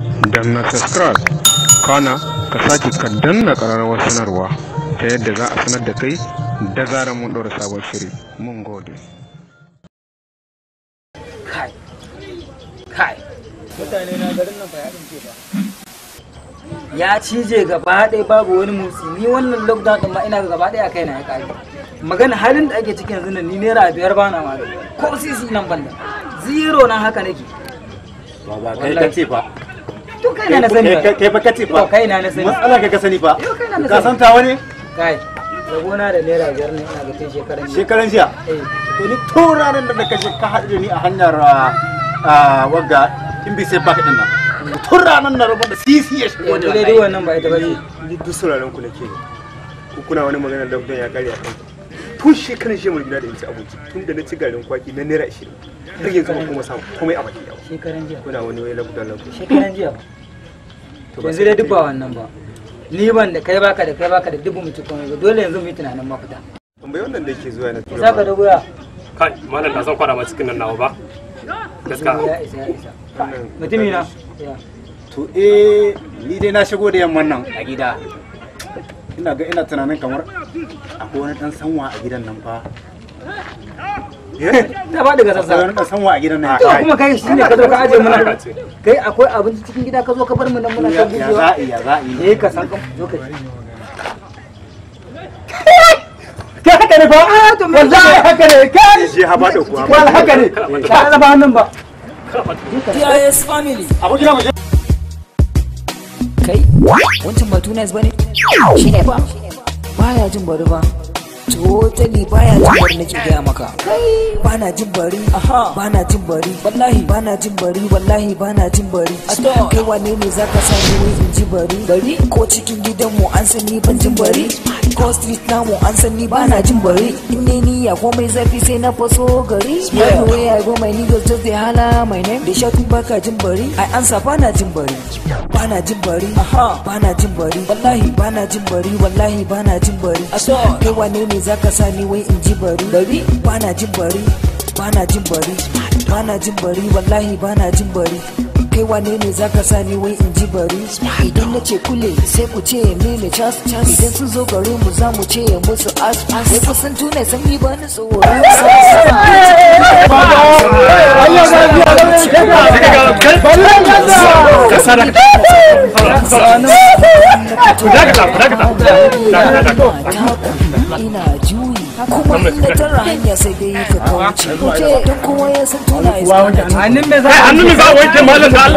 na subscribe kana ka sake ka danna ƙararrawar sanarwa ta yadda za a sanar da kai da zarar mun ɗora sabon shiri mun gode kai kai mutane na garin nan bayanin ce ba ya cije gaba ɗaya babu wani motsi ni wannan lockdown ɗin ma ina gaba ɗaya kai na ya ƙare magana halin da ake cikin yanzu ni naira biyar ba na ma ko sisi nan banda zero nan haka nake ba ba kai ka ce fa. Tun kai na na sani eh, ba. Kai fa kace fa. Kai na na sani. Matsala ka ka sani fa. Ka san ta wani? Kai. Rabona da naira biyar ne ina ga tun shekaran jiya. Shekaran jiya? Eh. To ni to ranar da ka ka haɗu ni a hanyar wagga in bi sai baka din Tun ranar na rabon da sisi ya shigo da. Eh, dai dai wannan ba ita ba ce. Duk sauraron ku nake. Ku kuna wani magana da ya kare a kanku. tun shekaran shi mai da yanci aboki tun da na ci garin kwaki na naira ashirin har yanzu ba kuma samu komai a baki yawa shekaran jiya kuna wani wai lakuta lakuta shekaran jiya yanzu dai duk wannan ba ni ban da kai baka da kai baka da dubu mutu komai ba dole yanzu mu yi tunanin mafita in wannan da yake zuwa na tura saka da goya kai malam da san kwada ma cikin nan nawa ba gaska mutumi na to eh ni dai na shigo da yamman nan a gida ina ga ina tunanin kamar akwai wani dan sanwa a gidan nan fa eh? Eh? ta ba daga sassa wani dan sanwa a gidan nan to kuma kai shi ka zo ka aje mana kai akwai abinci cikin gida ka zo ka bar mu nan muna ta gujewa ya za'i ya za'i eh ka san kan zo ka kai haka ne fa wallahi haka ne kai shi ha ba kuwa wallahi haka ne ka ba nan ba TIS family abokin mu kai wancan ba tunas bane shi ba baya jin bari ba totally baya jin bari nake gaya maka bana jin bari bana jin bari wallahi bana jin bari wallahi bana jin bari a kai wane ne zaka sa ni in ji bari bari ko cikin gidanmu an san ni ban jin bari ko street namu an san ni bana jin bari in ne ni soyayya ko mai zafi sai na faso gari yeah. the I go my niggas just dey hala. my name shout shouting baka jin bari I answer bana jin bari bana jin bari aha bana jin bari wallahi bana jin bari wallahi bana jin bari aso kai wane ne zaka sani wai in ji bari bari bana jin bari bana jin bari bana jin bari wallahi bana jin bari kai wane ne zaka sani wai in ji bari idan na ce kule sai ku ce ne cas cas idan sun zo gare mu za mu ce musu as sai ku san tunai san yi bani tsoro ina juyi kuma na tara hanya sai dai hannun za wanke Allah